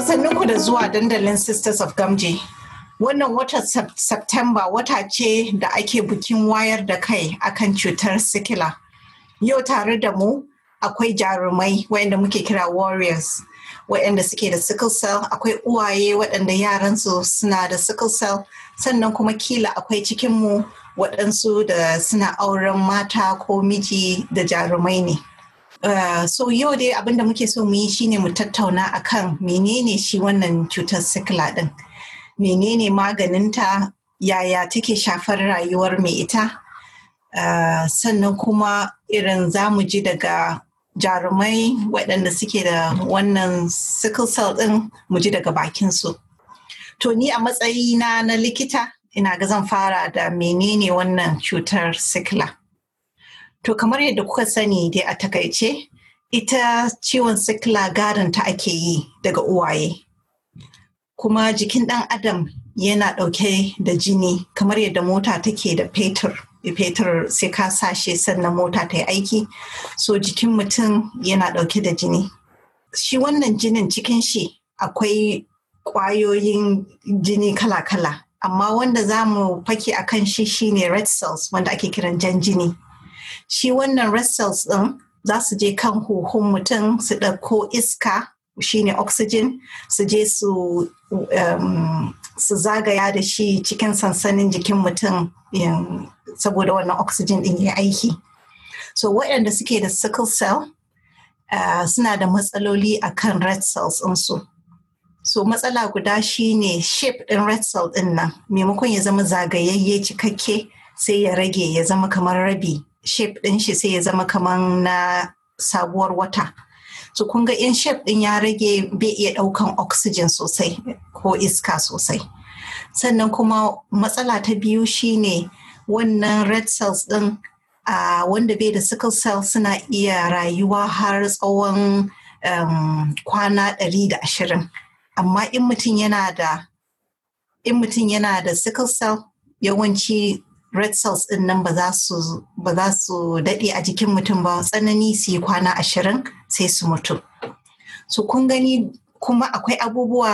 To sannunku da zuwa dandalin Sisters of Gamje. Wannan watan September wata ce da ake bukin wayar da kai akan cutar sikila. Yau tare da mu akwai jarumai wayanda muke kira warriors wayanda suke da sickle cell akwai uwaye waɗanda yaransu suna da sickle cell sannan kuma kila akwai cikinmu waɗansu da suna auren mata ko miji da jarumai ne. Eh, so yau dai abin da muke so mu yi shine mu tattauna akan menene shi wannan cutar sikila din menene maganinta yaya take shafar rayuwar mai ita uh, sannan kuma irin zamu ji daga jarumai waɗanda suke da wannan sickle cell ɗin mu ji daga bakinsu. To ni a matsayina na likita ina ga zan fara da menene wannan cutar sikila. To kamar yadda kuka sani dai a takaice, ita ciwon sikila ta ake yi daga uwaye. Kuma jikin ɗan adam yana ɗauke da jini kamar yadda mota take da fetur. fetur sai ka sashe sannan mota ta yi aiki so jikin mutum yana ɗauke da jini shi wannan jinin cikin shi akwai ƙwayoyin jini kala-kala amma wanda za mu fake a kan shi shine red cells wanda ake kiran jan jini shi wannan red cells ɗin za su je kan huhun mutum su ɗauko iska shine oxygen su je su um, su zagaya da shi cikin sansanin jikin mutum um, saboda wannan oxygen ɗin ya aiki so waɗanda suke da sickle cell uh, suna da matsaloli a kan red cells ɗinsu so matsala guda shine shape ɗin red cell ɗin nan maimakon ya zama zagayayye cikakke sai ya rage ya zama kamar rabi shape ɗin shi sai ya zama kamar na sabuwar wata so kun ga in shape ɗin ya rage bai iya ɗaukan oxygen sosai ko iska sosai sannan kuma matsala ta biyu shine wannan red cells ɗin uh, wanda bai da sickle cell suna iya rayuwa har tsawon um, kwana 120 da ashirin amma in mutum yana da sickle cell yawanci red cells din nan ba za su daɗe a jikin mutum ba tsanani su yi kwana ashirin sai su mutu so kun gani kuma akwai abubuwa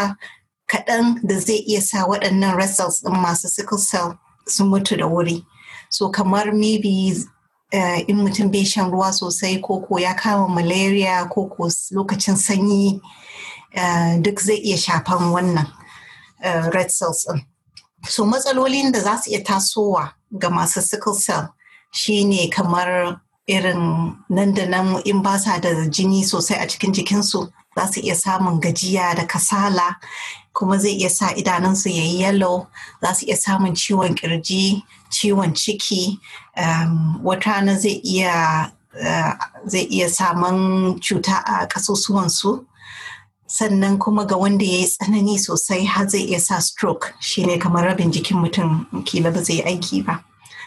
kaɗan da zai iya sa waɗannan red cells din masu sickle cell su mutu da wuri so kamar maybe eh, in mutum bai shan ruwa sosai ko ko ya kama malaria ko ko lokacin sanyi eh, duk zai iya shafan wannan uh, red cells din So matsalolin da za su iya tasowa ga masu sickle cell shine kamar irin nan da nan in ba sa da jini sosai a cikin jikinsu za su iya samun gajiya da kasala kuma zai iya sa idanunsu ya yi yalo za su iya samun ciwon kirji ciwon ciki um, wata zai iya uh, zai iya samun cuta a kasusuwansu sannan kuma ga wanda ya yi tsanani sosai har zai iya sa stroke shine kamar rabin jikin mutum kila ba zai aiki ba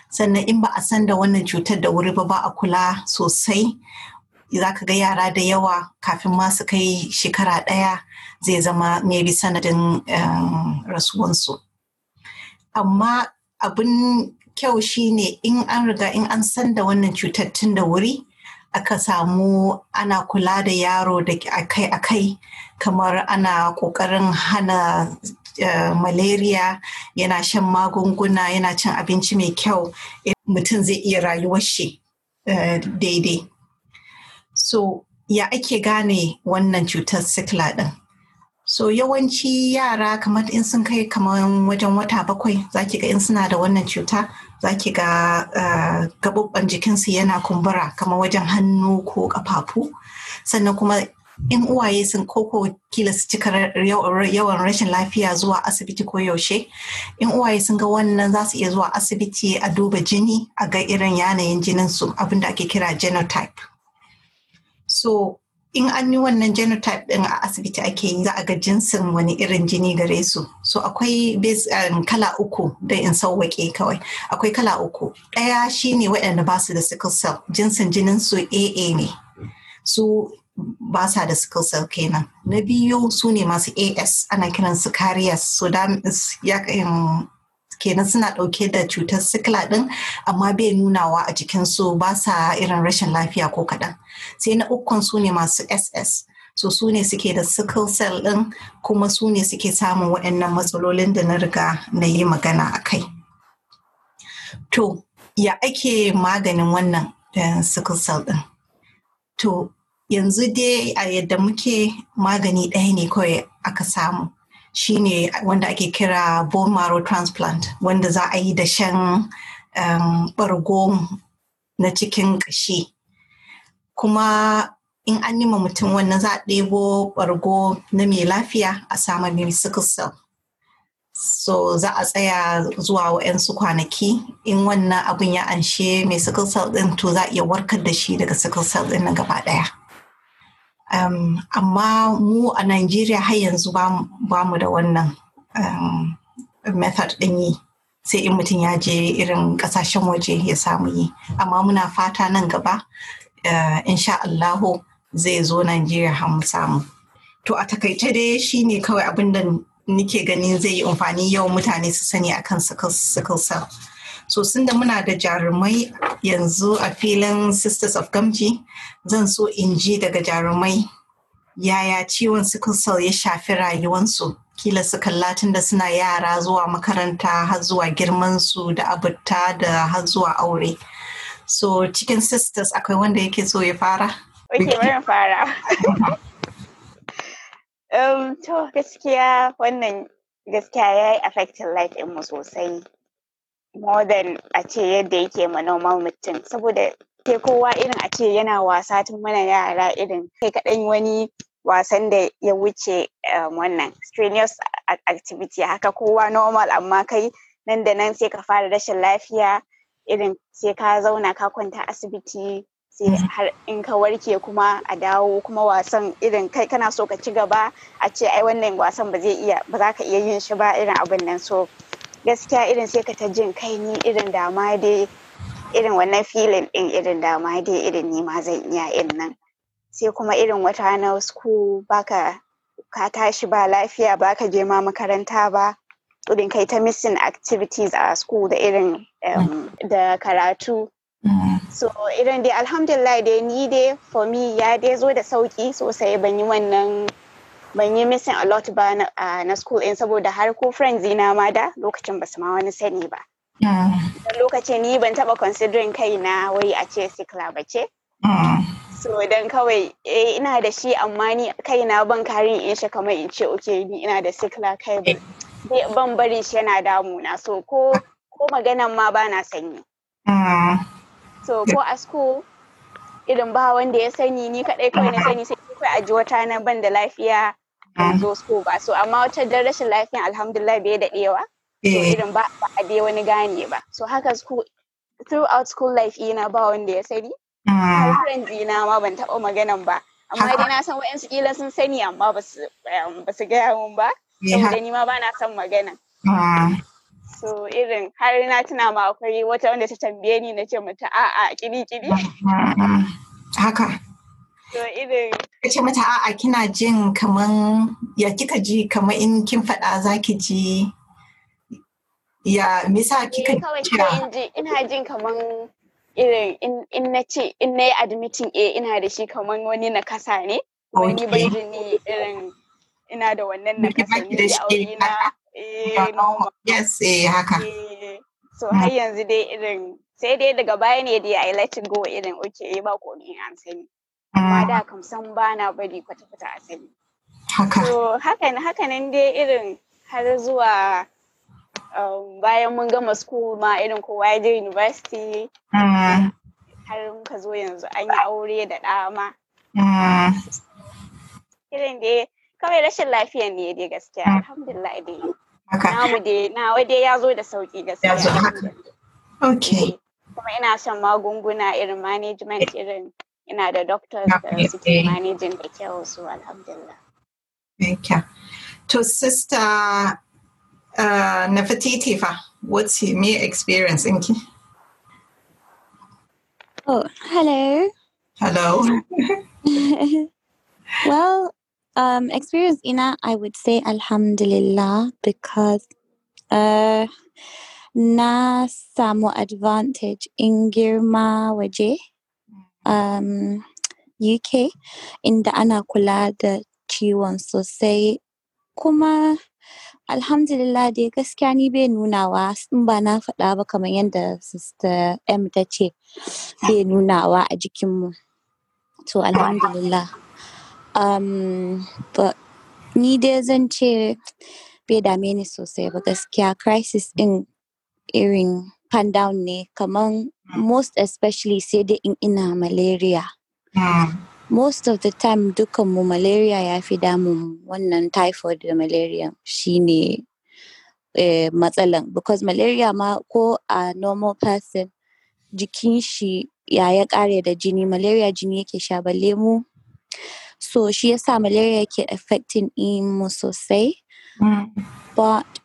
sannan in ba a san da wannan cutar da wuri ba ba a kula sosai za ka ga yara da yawa kafin ma su kai shekara ɗaya zai zama maybe sanadin eh, rasuwansu amma abin kyau shine in an riga in an san da wannan cutar tun da wuri aka samu ana kula da yaro da akai-akai kamar ana ƙoƙarin hana uh, malaria yana shan magunguna yana cin abinci mai kyau eh, mutum zai iya rayuwar shi eh, daidai so ya ake gane wannan cutar sikla ɗin so yawanci yara kamar in sun kai kamar wajen wata bakwai zaki ga in suna da wannan cuta za ki ga eh, gaɓuɓɓen gabobban jikinsu yana kumbura kamar wajen hannu ko kafafu sannan kuma in uwaye sun koko kila su cika yawan rashin lafiya zuwa asibiti ko yaushe in uwaye sun ga wannan za su iya zuwa asibiti a duba jini a ga irin yanayin jininsu abinda ake kira genotype so in an yi wannan genotype din a asibiti ake yi za a ga jinsin wani irin jini gare su so akwai um, kala uku da in sauwaƙe kawai akwai kala uku ɗaya shine waɗanda ba su da sickle cell jinsin jinin su aa ne su ba sa da sickle cell kenan na biyu su ne masu as ana kiran su carriers so da kenan suna ɗauke da cutar sikila ɗin amma bai nunawa a su ba sa irin rashin lafiya ko kaɗan sai na ukun su ne masu ss so su ne suke da sickle cell ɗin kuma su ne suke samun waɗannan matsalolin da na riga na yi magana a kai to ya ake maganin wannan eh, sickle cell ɗin to yanzu dai a yadda muke magani ɗaya ne kawai aka samu shine wanda ake kira bone marrow transplant wanda za a yi da shan bargo um, na cikin ƙashi kuma in an nima mutum wannan za a ɗebo bargo na mai lafiya a sama mai cell so za a tsaya zuwa wa'yansu kwanaki in wannan abin ya anshe mai sickle cell ɗin to za a iya warkar da shi daga sickle cell ɗin na gaba ɗaya Um, amma mu a Najeriya har yanzu ba mu da wannan um, method ɗin yi sai in mutum ya je irin ƙasashen waje ya samu yi amma muna fata nan gaba uh, insha Allahu zai zo Najeriya har mu samu to a takaice dai ne kawai abin da nike ganin zai yi amfani yau mutane su sani akan sickle cell so da muna da jarumai yanzu a filin sisters of gamji zan so in ji daga jarumai yaya ciwon sickle cell ya shafi rayuwansu kila su kallatin da suna yara zuwa makaranta har zuwa girmansu da abuta da har zuwa aure so cikin sisters akwai wanda yake so ya fara ok fara um, to gaskiya wannan gaskiya ya yi affecting life in mu sosai more than a ce yadda yake ma normal mutum saboda ke kowa irin a ce yana wasa tun mana yara irin kai kaɗan wani wasan da ya wuce um, wannan strenuous activity haka kowa normal amma kai nan da nan sai ka fara rashin lafiya irin sai ka zauna ka kwanta asibiti sai har in ka warke kuma a dawo kuma wasan irin kai kana so ka ci gaba a ce ai wannan wasan ba zai iya ba za ka iya yin shi ba irin abin nan so gaskiya irin sai ka ta jin kai ni irin dama dai irin wannan filin din irin dama dai irin ni ma zan iya in nan sai kuma irin wata na sku baka ka tashi ba lafiya ba ka je ma makaranta ba irin kai ta missing activities a school da irin da karatu mm-hmm. so irin dai alhamdulillah dai ni dai for me ya dai zo da sauki sosai ban yi wannan ban yi missing a lot ba na, uh, na school ɗin saboda har ko friends na ma da lokacin su ma wani sani ba. Ah. Lokacin ni ban taba considering kai na wai a ce sikla ba ce. Ah. So dan kawai eh, ina da shi amma ni kai na ban karin in shi kamar in ce okay ni ina da sikla kai ban bari shi yana damuna so ko ko maganan ma ba na sanyi. Ah. So ko a school irin ba wanda ya sani ni kadai kawai na sani sai akwai aji wata na ban da lafiya ban mm. zo so ba so amma wata dan rashin lafiya alhamdulillah bai daɗewa so eh. irin ba a dai wani gane ba so haka school throughout school life ina ba wanda ya sani mm. har na ma ban taɓa maganan ba amma dai na san wa'yansu kila sun sani amma ba su um, gaya mun ba eh, saboda ni ma ba na son magana mm. so irin har na tuna ma akwai wata wanda ta tambaye ni na ce mata a'a kiri kiri haka ce mata a'a kina jin kaman ya kika ji kaman in kin faɗa za ki ji ya misa eh, kika ji ina jin kaman irin in na ce in na yi admitting a eh, ina da shi kaman wani na kasa ne wani bai ji ni irin ina da wannan na kasa ne eh, da oh, shi oh, na yes eh haka so har yanzu dai irin sai dai daga baya ne dai I let go irin okay ba komai an sani amma mm. da kam san ba na bari kwata-kwata asali haka hakan hakanan dai irin har zuwa um, bayan mun gama school ma irin kowa ya je university mm. har muka zo yanzu an yi aure da ɗama. Mm. Irin dai kawai rashin lafiya ne dai gaskiya, alhamdulillah dai. Namu dai, nawa dai ya zo da sauƙi gaskiya. Kuma ina shan magunguna irin management irin ina da doctors da suke managing da kyau su alhamdulillah Thank you. To sister uh, Nefertiti what's your experience inki? Oh, hello. Hello. well, um, experience ina, I would say alhamdulillah because uh, na samu advantage in girma waje. um, UK inda ana kula da ciwon sosai kuma alhamdulillah dai gaskiya ni bai nunawa in ba na faɗa ba kamar yadda sister m ta ce bai nunawa a jikinmu to alhamdulillah um, ni dai zan ce bai dame ni sosai ba gaskiya crisis din irin hand down ne kaman most especially sai dai in ina malaria hmm. most of the time dukanmu malaria ya fi damun wannan typhoid da malaria shine eh, matsalan because malaria ma ko a normal person jikin shi ya ya kare da jini malaria jini yake sha balle mu so shi yasa malaria ke affecting mu sosai hmm. but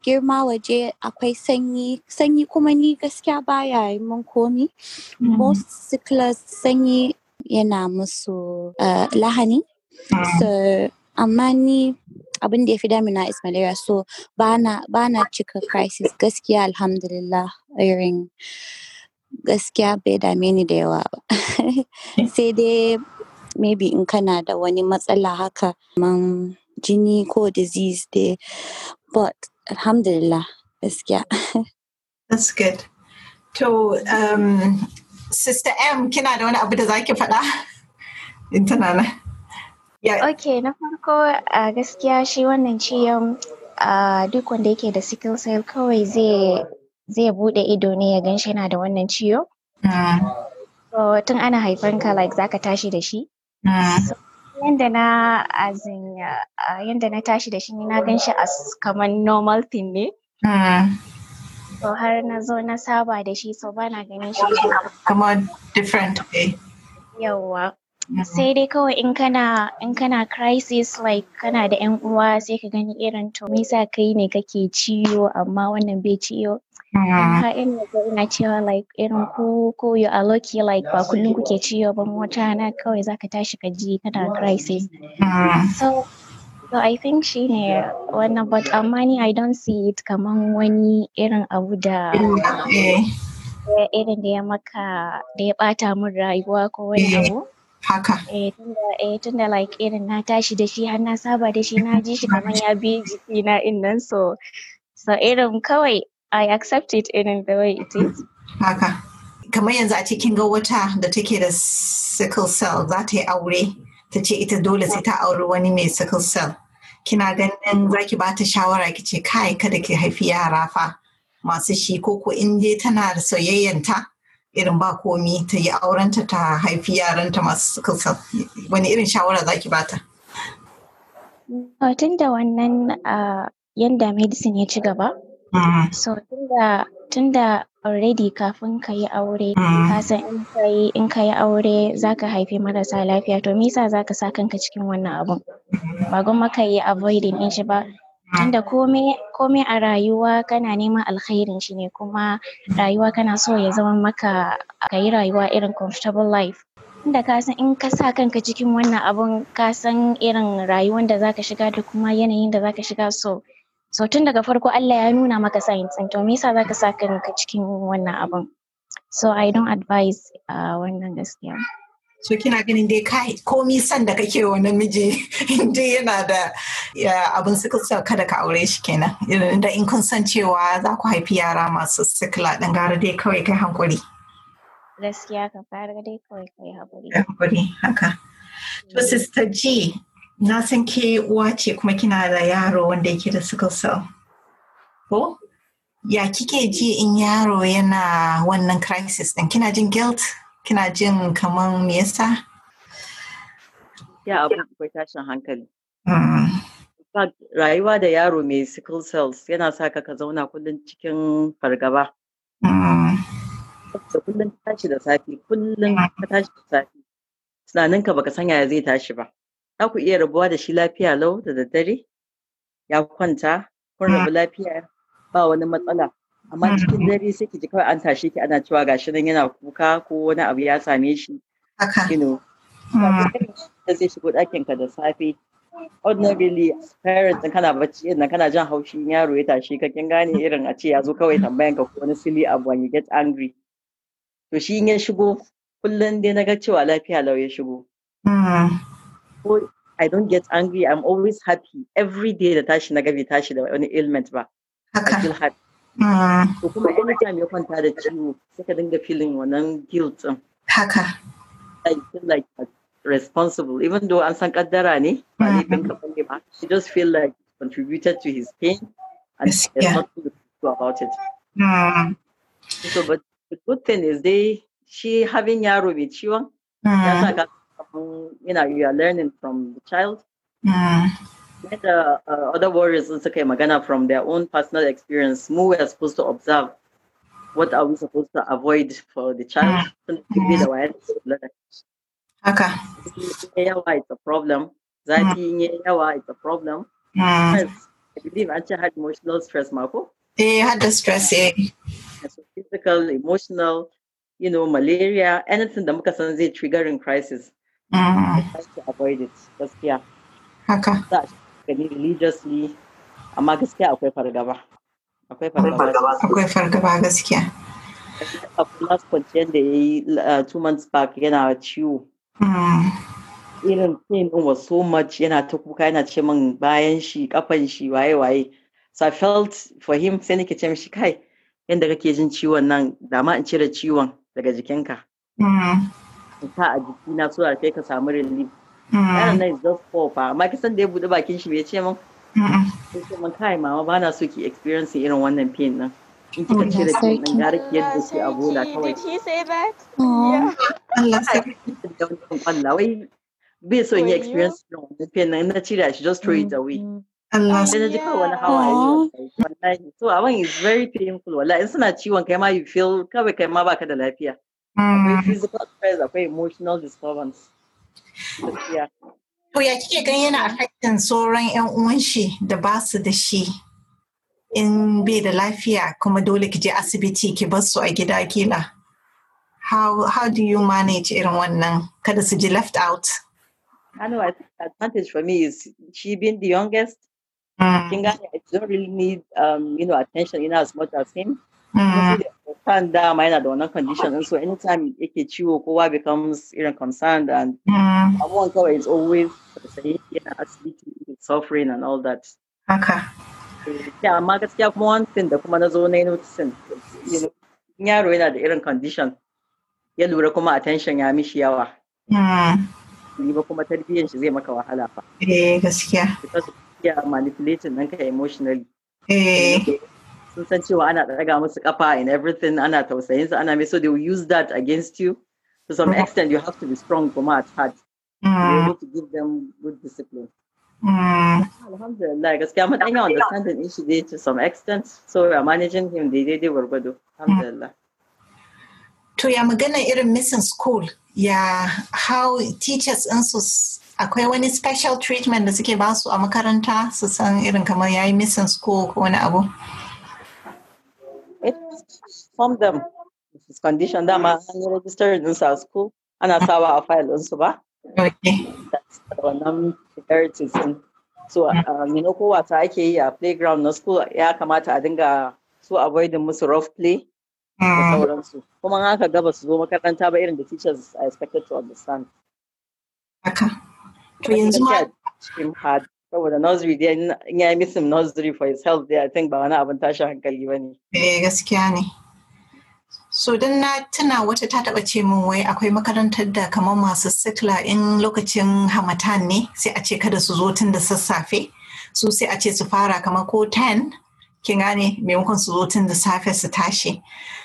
girma waje akwai sanyi sanyi kuma ni gaskiya baya yi mun komi mm. most sanyi yana musu uh, lahani mm. so amma ni abin da ya fi damina is malaria so bana na cika crisis gaskiya alhamdulillah irin gaskiya bai dame ni da yawa ba mm. sai dai maybe in kana da wani matsala haka man jini ko disease dai but alhamdulillah gaskiya that's good so um, sister m kina da wani abu da zaki faɗa tana na yeah. ok na farko a gaskiya shi wannan ciyan duk wanda yake da sickle cell kawai zai zai bude ido ne ya gan shi yana da wannan ciwo. Mm. So tun ana haifanka ka like zaka tashi da shi. Mm. So yanda na azin yanda na tashi da shi na gan shi as kamar normal thing ne So hmm. har na zo na saba da shi so na ganin shi kamar different way yawa hmm. sai dai kawai in kana in kana crisis like kana da yan uwa sai ka gani irin to me yasa kai ne kake ciwo amma wannan bai ciwo in ina ga ina cewa like irin ku ko you are lucky like ba kullum kuke ciwo ba wata rana kawai zaka tashi ka ji kana crisis so so I think shi ne wannan but amma ni I don't see it kaman wani irin abu da irin da ya maka da ya bata min rayuwa ko wani eh, abu haka eh tunda eh, like irin na tashi da shi har na saba da shi na ji shi kamar ya bi jiki na innan so so irin kawai I accept it in the way it is. Haka. Kamar yanzu a cikin ga wata da take da sickle cell za ta yi aure ta ce ita dole sai ta auri wani mai sickle cell. Kina ganin za ki bata shawara ki ce kai kada ki haifi yara fa masu shi ko in dai tana da soyayyanta irin ba komi ta yi aurenta ta haifi yaranta masu sickle cell. Wani irin shawara za ki bata? Tun da wannan ah, yanda medicine ya ci gaba, Mm. So tunda tunda already kafin ka yi aure mm. ka san in ka yi in ka yi aure zaka haifi marasa lafiya to me yasa zaka sa kanka cikin wannan abun ba gwamma ka yi avoiding din shi ba mm. tunda komai komai a rayuwa kana neman alkhairin shi ne kuma rayuwa kana so ya zama maka ka yi rayuwa irin comfortable life tunda ka san in ka sa kanka cikin wannan abun ka san irin rayuwar da zaka shiga da kuma yanayin da zaka shiga so so tun daga farko Allah ya nuna maka science ɗin to me yasa zaka sa kanka cikin wannan abun so I don't advise uh, wannan gaskiya so kina ganin dai kai komi san da kake wannan miji dai yana da abin sikila kada ka aure shi kenan irin da in kun san cewa za ku haifi yara masu sikla dan gara dai kawai kai hankuri gaskiya ka fara dai kawai kai hankuri hankuri haka to mm. sister G na san ke uwa ce kuma kina da yaro wanda yake da sickle cell ko ya kike ji in yaro yana wannan crisis din kina jin guilt kina jin kaman me yasa ya abu akwai tashin hankali mm. rayuwa da yaro mai sickle cells yana sa ka ka zauna kullum cikin fargaba mm. kullum tashi da safe kullum ka tashi da safe tunaninka baka san yaya zai tashi ba za ku iya rabuwa da shi lafiya lau da daddare ya kwanta kun rabu mm. lafiya ba wani matsala amma mm, cikin mm. dare sai ki ji kawai an tashi ki ana cewa gashi nan yana kuka ko wani abu ya same shi you know da zai shigo ɗakin ka da safe ordinarily parents din kana bacci din kana jin haushin yaro ya tashi ka kin gane irin a ce ya zo kawai tambayan ka ko wani sili abu when you get angry to shi in ya shigo kullum dai na ga cewa lafiya lau ya shigo I don't get angry. I'm always happy. Every day da tashi na gabe tashi da wani ailment ba. I feel happy. Mm. kuma anytime you kwanta that you sai ka dinga feeling wannan guilt Haka. I feel like responsible even though I'm kaddara ne ba She mm-hmm. just feel like contributed to his pain and yes, there's yeah. nothing to do about it. Mm. So but the good thing is they she having yaro mai she ya mm. sa you know, you are learning from the child. Mm. Uh, uh, other warriors also came again from their own personal experience. More we are supposed to observe what are we supposed to avoid for the child. Mm. mm. Okay. Mm. It's a problem. mm. it's a problem. Mm. I believe Ancha had emotional stress, Marco. He eh, had the stress, eh. yeah. So physical, emotional, you know, malaria, anything that muka san zai triggering crisis. Mm. I to avoid it gaskiya haka za a gani religiously amma gaskiya akwai fargaba akwai fargaba akwai fargaba gaskiya akwai last kwanciyar da ya yi uh, two months back yana ciwo mm. irin pain din was so much yana ta kuka yana ce min bayan shi kafan shi waye waye so i felt for him sai nake ce mishi kai yadda kake jin ciwon nan da ma in cire ciwon daga jikinka mm. cuta a a jikina so kai ka samu relief yana mm. nan is kofa amma fa san kisan da ya buɗe bakin shi bai ce min sai ce min kai mama ba na so ki experience irin wannan pain nan in kika da pain nan gara ki yadda shi a bola kawai Allah sai Allah wai bai son yi experience irin wannan pain nan na cire shi just throw it away Allah sai na ji kawai wani hawaye wallahi so abin is very painful wallahi in suna ciwon kai ma you feel kawai kai ma baka da lafiya Akwai mm. physical stress, akwai emotional disturbance. Yeah. ya kike gan yana affecting sauran 'yan uwan shi da ba su da shi in bai da lafiya kuma dole ki je asibiti ki bar su a gida kila. How, how do you manage irin wannan kada su ji left out? I know I think the advantage for me is she being the youngest. Mm. I, I don't really need um, you know attention in as much as him kan dama yana da wannan condition and so anytime yake ciwo kowa becomes irin concerned and mm. abubuwan kawai is always yana asibiti suffering and all that haka yeah amma gaskiya kuma one thing da kuma na zo na yi noticing yaro yana da irin condition ya lura kuma attention ya mishi yawa mm. ni ba kuma tarbiyyar shi zai maka wahala fa eh gaskiya because ya manipulating ɗinka emotionally eh so since sun san cewa ana daga musu kafa and everything ana tausayin su ana so they will use that against you to some mm-hmm. extent you have to be strong kuma at heart mm. able to give them good discipline mm. alhamdulillah gaskiya mun dan understanding din shi dai to some extent so we are managing him dai dai gwargwado alhamdulillah mm. to ya magana irin missing school Yeah, how teachers din su akwai wani special treatment da suke basu a makaranta su san irin kamar yayi missing school ko wani abu it's from them. It's conditioned them my registered in our school and as our file also. Okay. That's wannan priorities din. So, mm. um, you know, kowata ake yi a playground na school ya kamata a So, avoid the most rough play da mm. sauransu. Kuma haka gaba su zo makaranta ba irin teachers are expected to understand. To yanzu ma. saboda nursery dai in ya yi missing nursery for his health dai I think ba wani abin tashin hankali ba ne. Eh gaskiya ne. So don na tuna wata ta taba ce min wai akwai makarantar da kamar masu sikla in lokacin hamatan ne sai a ce kada su zo tun da sassafe su sai a ce su fara kamar ko 10 kin gane maimakon su zo tun da safe su tashi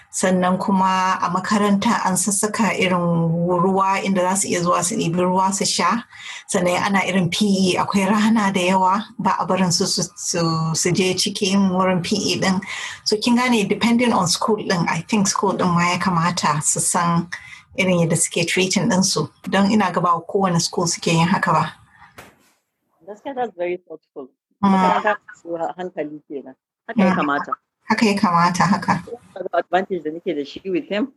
sannan kuma a makaranta an sassaka irin ruwa inda za su iya zuwa su ɗibi ruwa su sha sannan ana irin pe akwai rana da yawa ba a barin su su je cikin wurin pe din so kin gane depending on school din i think school din ma ya kamata su san irin yadda suke treating ɗinsu don ina gaba kowane school suke yin haka ba. that's very thoughtful. Mm. hankali kenan. haka ya kamata haka ya kamata haka advantage da nake da shi with him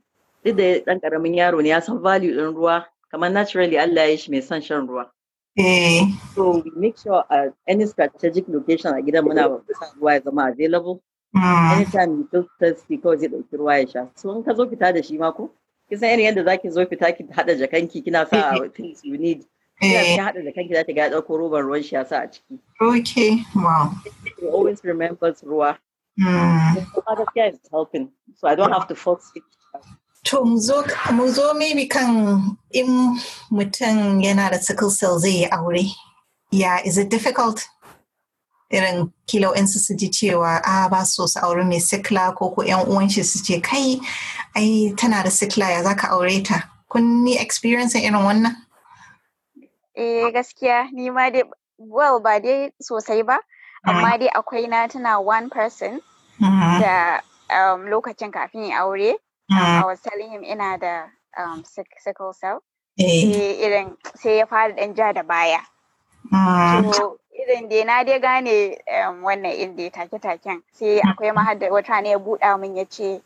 duk da dan karamin yaro ne ya san value din ruwa kamar naturally Allah ya shi mai son shan ruwa eh. so we make sure at uh, any strategic location a gidan muna san ruwa ya zama available mm. anytime you feel thirsty kawai zai ɗauki ruwa ya sha so in ka zo fita da shi ma ko kisan irin yadda zaki zo fita ki hada jakanki kina sa things you need Eh. Ina haɗa da kanki za ta ga ɗauko robar ruwan Okay, wow. He always remembers ruwa. Mm. The mother is helping, so I don't have to force it. To mu zo maybe kan im mutum yana da sickle cell zai yi Yeah, is it difficult? Irin kilo in su ji cewa a ba so su aure mai sikla ko ko yan uwan shi su ce kai ai tana da sikla ya zaka aure ta. Kun ni experience irin wannan? eh gaskiya ni ma dai well ba dai sosai ba mm. amma dai akwai na tana one person mm-hmm. da um, lokacin kafin aure um, mm. I was telling him ina da um, sickle cell eh. irin sai ya fara dan ja da baya so mm. irin dai na dai gane um, wannan inda take-taken sai akwai mahadda wata ne ya buɗa min yace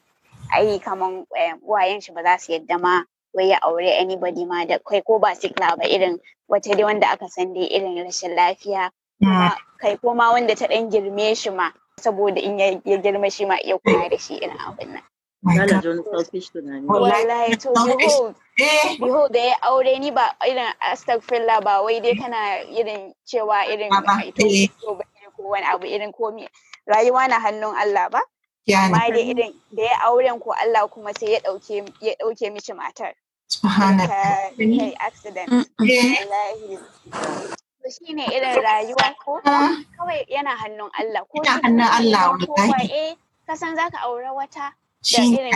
ai kaman wayan shi ba za su yadda ma wai ya aure anybody ma da kai ko ba sikla ba irin wata dai wanda aka san dai irin rashin lafiya kai ko ma wanda ta dan girme shi ma saboda in ya girma shi ma iya kula da shi irin abin nan wallahi to eh. da ya aure ni ba irin astagfirullah ba wai dai kana irin cewa irin eh. ko wani abu irin komi rayuwa na hannun Allah ba amma da irin da ya auren ko Allah kuma sai ya ɗauke ya mishi matar Subhanallah. shi ne irin rayuwa ko uh-huh. kawai yana hannun Allah ko yana hannun Allah eh ka san zaka aure wata da irin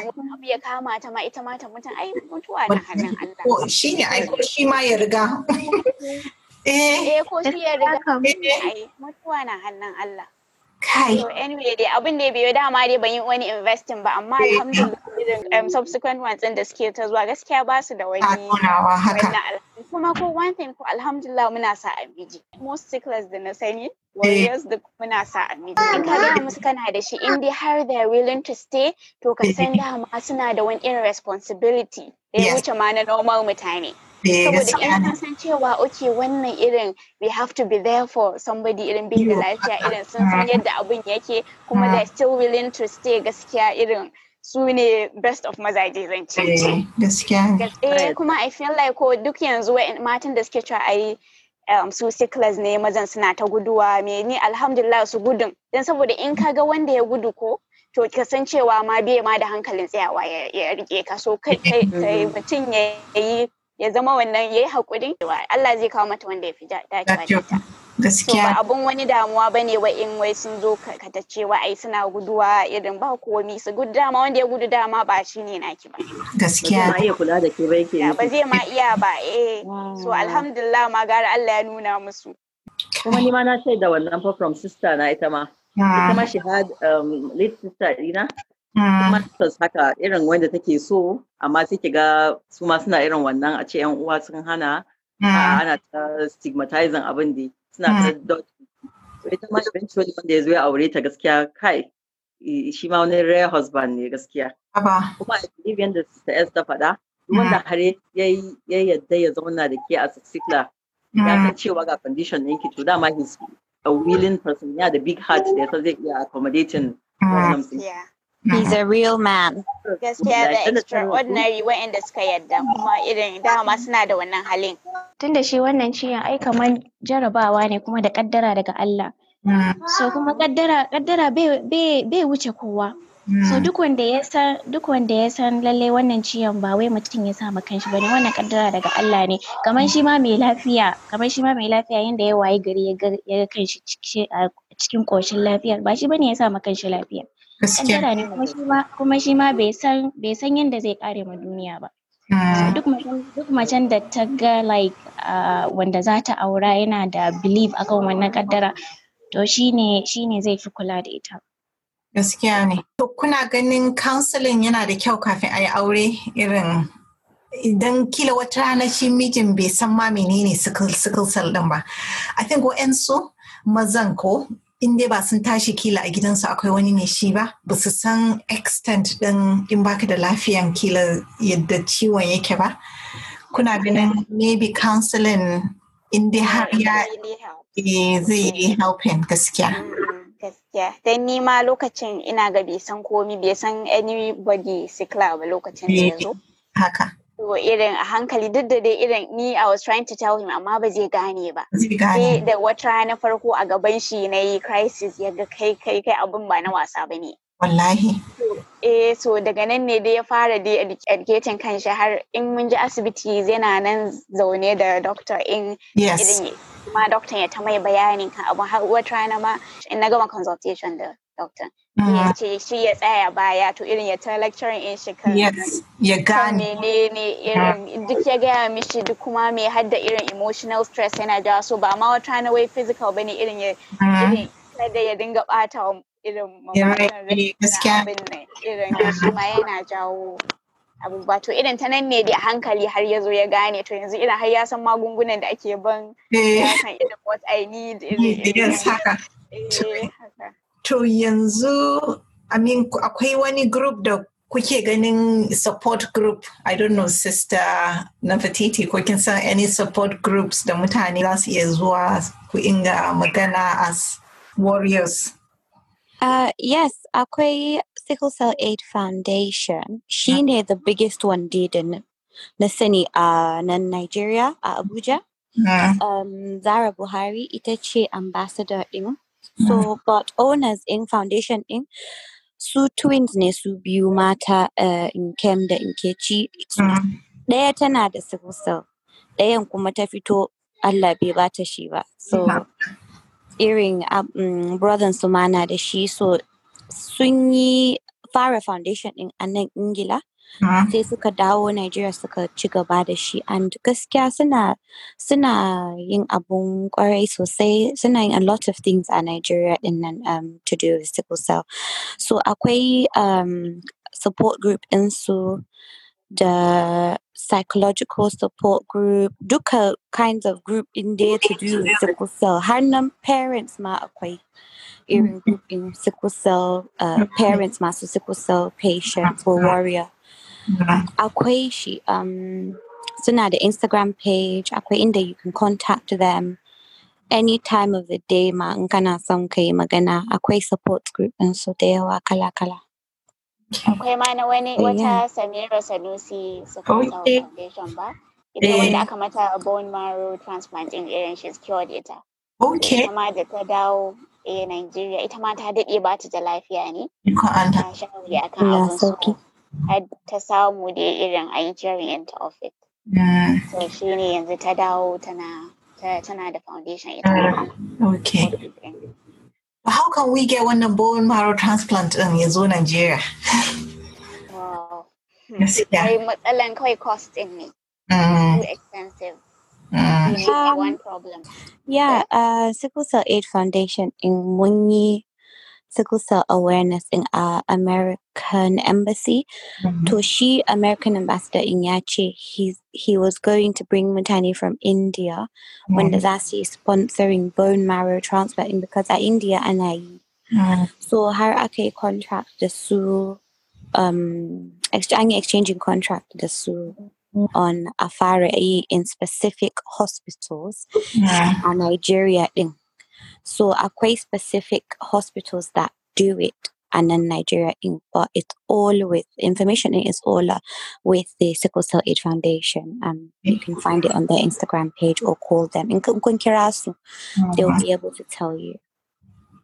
ya kama ta ma ita ma ta mutum ai mutuwa na hannun Allah shi ne ai ko shi ma ya riga eh. eh ko shi ya riga eh. mutuwa na hannun Allah Kai. So anyway dai abin da ya biyo dama dai ban yi wani investing ba amma eh. alhamdulillah um, subsequent ones din da suke ta zuwa gaskiya ba su da wani haka. Kuma ko one thing ko alhamdulillah muna sa a miji. Most sicklers da na sani eh. warriors da muna sa a miji. In ka ga musu kana da shi in dai har they willing to stay to ka san eh. dama suna da wani irin responsibility. Da ya wuce ma na normal mutane. Eh, cewa okay wannan irin we have to be there for somebody irin bai lafiya irin sun san yadda abun yake kuma they still willing to stay gaskiya irin su ne best of mazaje zan ce eh, gaskiya eh kuma i feel like ko duk yanzu matan da suke cewa ai um, su sickles ne mazan suna ta guduwa me ni alhamdulillah su gudun dan saboda in ka ga wanda ya gudu ko to cewa ma biya ma da hankalin tsayawa ya rike ka so mm-hmm. kai mutum ya yi ya zama wannan ya yi haƙuri Allah zai kawo mata wanda ya fi dacewa da gaskiya ba abun wani damuwa ba ne wa in wai sun zo ka cewa ai suna guduwa irin ba komi su gudu dama wanda ya gudu dama ba shi ne naki ba gaskiya ba iya kula da ke ba yake ba zai ma iya ba eh so alhamdulillah ma gara Allah ya nuna musu kuma ni ma na shaida wannan fa from sister na ita ma ah. ita ma shi had um, late sister dina kuma tas mm. haka irin wanda take so amma sai ki ga su ma suna irin wannan a ce yan uwa sun hana mm. ana ta stigmatizing abin da suna mm. ta dot so ita ma eventually wanda ya zo ya aure ta gaskiya kai shi ma wani rare husband ne gaskiya kuma a believe yanda sister S ta faɗa wanda har ya yadda ya zauna da ke a Sikla ya san cewa ga condition ɗinki to dama he's a willing person ya da big heart da yasa zai iya accommodating He's a real man. Gaskiya da extraordinary waɗanda suka yadda kuma irin dama suna da wannan halin. Tunda shi wannan ciwon ai kamar jarabawa ne kuma da kaddara daga Allah. So kuma kaddara kaddara bai wuce kowa. So hmm. duk wanda ya san duk wanda ya san lalle wannan ciwon ba wai mutum ya sa kanshi bane wannan kaddara daga Allah ne. Kamar shi ma mai lafiya, kamar shi ma mai lafiya yanda ya wayi gari ya ga kanshi cikin koshin lafiya ba shi bane ya sa kanshi lafiya. ne kuma shi ma kuma shi ma bai san bai san yadda zai kare ma duniya ba hmm. duk macen duk macen da ta ga like ah, wanda za ta aura yana da belief akan wannan kaddara to shine shine zai fi kula da ita gaskiya ne to kuna ganin counseling yana da kyau kafin a yi aure irin idan kila wata rana shi mijin bai san ma menene sickle cell din ba i think wa'ensu mazan ko in dai ba sun tashi kila a gidansu akwai wani mai shi ba ba su san extent din in baka da lafiyan kila yadda ciwon yake ba kuna ganin maybe counseling in dai har ya zai yi helping eh, gaskiya mm, gaskiya dan ni ma lokacin ina ga bai san komi bai san anybody sikla ba lokacin da yanzu eh, haka So irin a hankali duk da dai irin ni I was trying to tell him amma ba zai gane ba. Sai da wata na farko a gaban shi na yi crisis ya ga kai kai kai abin ba na wasa ba ne. Wallahi. Eh so daga nan ne dai ya fara dai educating kan shi har in mun ji asibiti yana nan zaune da doctor in irin ma doctor ya ta mai bayanin kan abin har wata rana ma in na gama consultation da doctor ya ce shi ya tsaya baya to irin ya ta lecturing in shi kan ya gane ne irin ah. duk ya gaya mishi duk kuma mai hadda irin emotional stress yana jawo so ba ma wata na wai physical bane irin ya ah. da ya dinga bata wa irin mamakon ne irin ah. shi ma yana jawo abubuwa to irin ta nan ne da hankali har ya zo ya gane to yanzu irin har ya san magungunan da ake ban ya eh. san irin what I need irin yes haka eh, To yanzu, I mean, akwai wani group da kuke ganin support group, I don't know, sister Nefertiti, ko kin san any support groups da mutane za su iya zuwa ku inga magana as warriors? Uh, yes, akwai Sickle Cell Aid Foundation. She ne the biggest one did in na sani a nan Nigeria a Abuja. Um, Zara Buhari ita ce ambassador ɗin so mm-hmm. but owners in foundation din su twins ne su biyu mata uh, in kem da in keci mm-hmm. ɗaya tana da sickle cell ɗayan kuma ta fito allah bai bata shi ba so irin um, brother su mana da shi so sun yi fara foundation din a nan ingila sai suka dawo Najeriya suka ci gaba da shi and gaskiya suna suna yin abun kwarai sosai suna yin a lot of things a Nigeria din nan um, to do with sickle cell so akwai um, support group so the psychological support group duka kinds of group in there to do with sickle cell har nan parents ma akwai irin group in sickle cell uh, mm-hmm. parents masu sickle cell patients or warrior akwai shi um, suna da instagram page akwai inda you can contact them any time of the day ma in kana son ka yi magana akwai support group din su da yawa kala kala akwai ma na wani eh, wata samira sanusi support oh, eh. foundation ba ita eh. wanda aka mata a bone marrow transplant in irin she's cured ita Okay. Ita ma da ta dawo a Nigeria ita ma ta daɗe ba ta da lafiya ne. Ikon Allah. Ta shawari akan abin ta samu da irin a yi jirin of it. So shi ne yanzu ta dawo tana tana da foundation ita. Ah, okay. How can we get wannan bone marrow transplant ɗin ya zo Najeriya? Ai matsalan kawai cost ɗin ne. Mm. Too expensive. Mm. Um, one problem. Um, yeah, uh, Sickle Cell Aid Foundation in mun sickle cell awareness in our American embassy. Mm-hmm. Toshi, American ambassador Yachi, he, he was going to bring Mutani from India mm-hmm. when Desasi mm. is sponsoring bone marrow transplanting because at India and I. Mm-hmm. So Harake contract the Su um exchange exchanging contract the Su mm. on Afare in specific hospitals yeah. in Nigeria in so are quite specific hospitals that do it and in Nigeria, but it's all with information. It is all uh, with the Sickle Cell Aid Foundation. Um, you can find it on their Instagram page or call them. In they'll be able to tell you.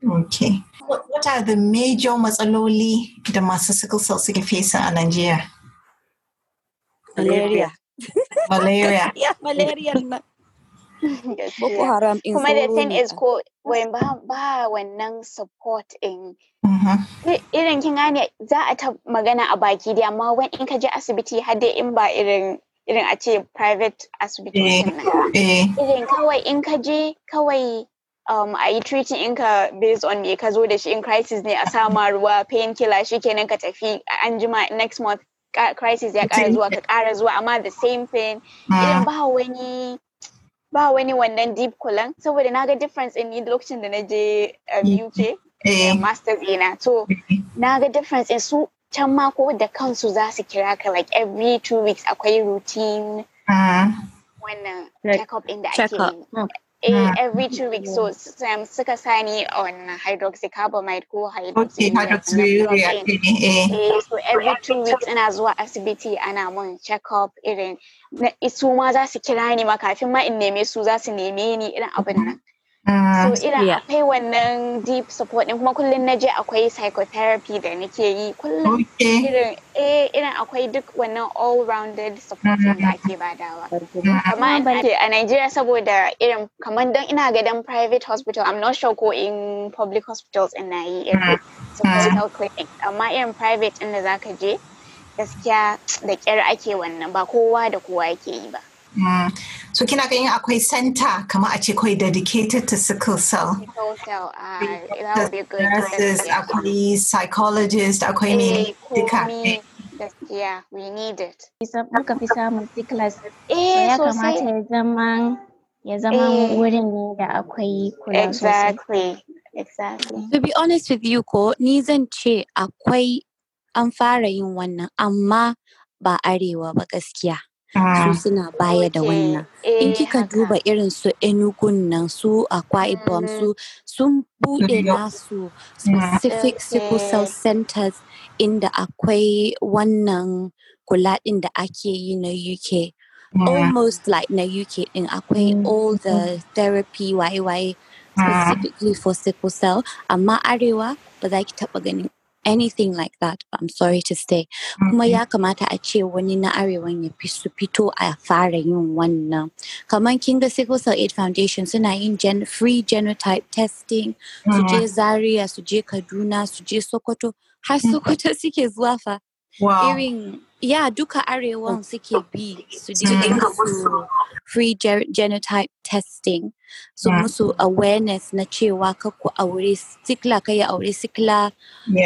Okay. What, what are the major masaloli the masu sickle cell suke in Nigeria? Malaria. malaria. yeah, malaria. Boko Haram in kuma da thing is ko wayan ba ba wannan support in mm-hmm. irin kin gane za a ta magana a baki dai amma wani in ka je asibiti har dai in ba irin irin a ce private asibitocin eh, nan eh. irin kawai in ka je kawai um, a yi treating ka based on me ka zo da shi in crisis ne a sama ruwa killer shi kenan ka tafi an jima next month crisis ya kara zuwa ka kara zuwa amma the same thing irin ah. ba wani ba wani wannan deep kulan saboda na ga difference in lokacin da na je UK um, eh. eh, masters ina so na ga difference in su can mako da kansu za su kira ka like every two weeks akwai routine ah. wannan check-up inda ake Eh, ah, every two weeks. So, um, suka sani on hydroxycarbamide ko Okay, eh, So every two weeks ina zuwa asibiti ana mun check up irin su ma za su kira ni ma kafin ma in neme su za su i ni irin abin nan. Ah, so ina akwai wannan deep support ɗin kuma kullum na je akwai psychotherapy da nake yi kullum irin eh ina akwai duk wannan all rounded support da ah. ake badawa amma ah. a Nigeria saboda irin kamar don ina ga dan private hospital I'm not sure ko in public hospitals in na yi irin hospital clinic amma irin private din da zaka je gaskiya da kyar ake wannan ba kowa da kowa yake yi ba Mm. So kina ganin akwai center kamar a ce kawai dedicated to sickle cell. Sickle cell, ah, that would be good. akwai psychologist, akwai eh, me duka. Yeah, we need it. Muka fi samun sickle cell. Eh, Ya kamata ya zama ya zama eh. wurin ne da akwai kula sosai. Exactly. Exactly. To be honest with you ko ni zan ce akwai an fara yin wannan amma ba arewa ba gaskiya. su ah. suna baya da wannan in eh, kika duba irin su enugun nan su akwa ibom mm. su sun bude nasu specific sickle cell centers inda akwai wannan kula din da ake yi na uk almost like na uk din akwai mm. all the mm. therapy waye-waye ah. specifically for sickle cell amma arewa ba za ki taba ganin anything like that i'm sorry to say kuma mm-hmm. ya kamata a ce wani na arewan ya fi su fito a fara yin wannan kamar kin ga sickle cell aid foundation suna yin gen free genotype testing su je mm-hmm. zaria su je kaduna su je sokoto har mm-hmm. sokoto suke zuwa fa irin yeah duka arewan oh. suke bi su dinga musu free genotype testing su musu awareness na cewa ku aure sikla ka yi aure sikla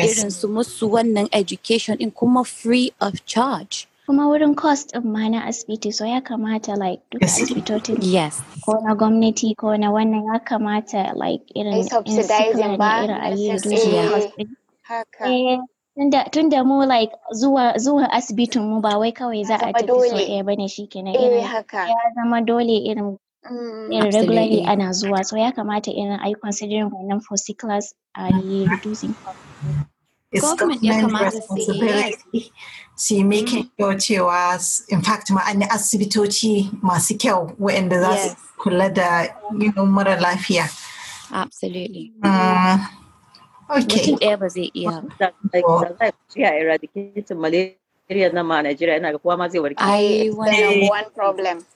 irin su musu wannan education in kuma free of charge kuma wurin cost of ma na asibiti so ya kamata like duk asibitotin yes ko na gwamnati ko na wannan ya kamata like irin sikla ne irin ayi duk hospital tunda mu like zuwa zuwa asibitin mu ba wai kawai za a tafi so ɗaya bane shikenan eh, irin ya zama dole irin mm, irin regularly ana zuwa so ya kamata irin ai considering wannan for sick class and reducing It's government, government responsibility su making mm. sure cewa in fact ma an asibitoci masu kyau waɗanda za su kula da mara lafiya. Absolutely. Mm. Mutum ɗaya ba zai iya ba. a eradicating malaria na ma a Najeriya yana ga kowa ma zai warke. Ai, eh. wannan one problem.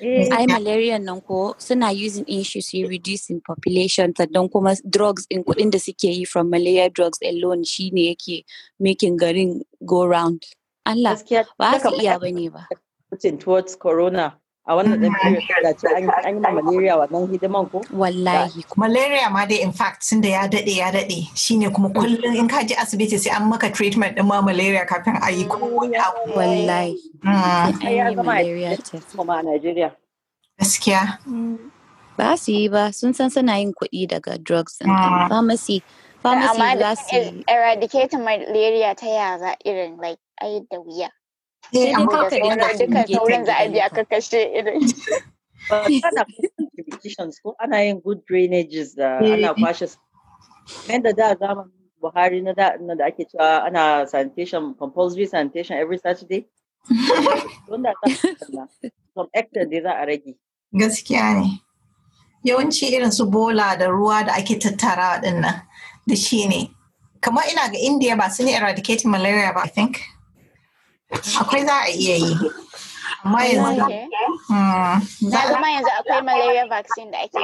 Eh. ai malaria nan ko suna using issues su reducing population kuma drugs in kudin da suke yi from malaria drugs alone ne yake making garin go round Allah ba su iya bane ba towards corona a wannan ɗan period da ce an yi malaria wannan hidiman ko? Wallahi. Malaria ma dai in fact sun da ya daɗe ya daɗe shine kuma mm. kullum in ka je asibiti sai an maka treatment ɗin ma malaria kafin a yi kowane mm, abu. Wallahi. Ya zama malaria Kuma a Gaskiya. Mm. Ba su yi ba sun san suna yin kuɗi daga drugs and pharmacy. Pharmacy za su yi. Eradicating malaria ta yaza irin like ayi da wuya. sai dai kawai yana good eh, eh. Buhari na da na da ake cewa ana sanitation compulsory sanitation every Saturday wanda ta from actor dai za a rage gaskiya ne yawanci irin su bola da ruwa da ake tattara din nan da shi ne kamar ina ga India ba su eradicating malaria ba I think akwai za a iya yi amma yanzu Za kuma hmm. yanzu akwai malaria vaccine da ake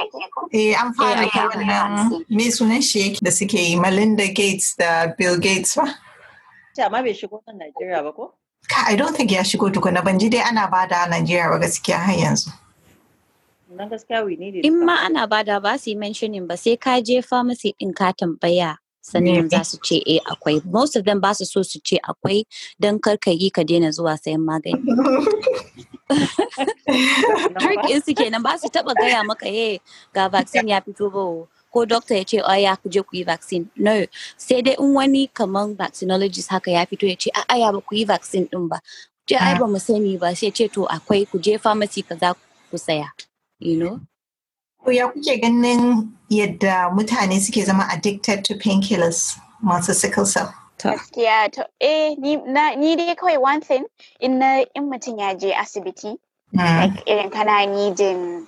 yi. eh an fara yi eh, wannan me sunan shi yake da suke yi Melinda Gates da Bill Gates ba amma bai shigo nan Najeriya ba ko ka I don't think ya shigo tukuna ban ji dai ana bada a Najeriya ba gaskiya har yanzu in ma ana bada ba su yi mentioning ba sai ka je pharmacy din ka tambaya sannan za su ce eh akwai most of them ba su so su ce akwai don karka yi ka daina zuwa sayan magani in su kenan ba su taba gaya maka ye eh, ga vaccine ya fito ba ko doctor ya ce a oh, ya ku je ku yi vaccine no sai dai in wani kaman vaccinologist haka ya fito ya ce a ya ba ku yi vaccine din ba ce ai ah. ba mu sani ba sai ce to akwai ku je pharmacy kaza ku saya you know ya kuke ganin yadda mutane suke zama addicted to painkillers masu sickle cell? Gaskiya to eh ni dai kawai one thing in mutum ya je asibiti hmm. irin kana nijin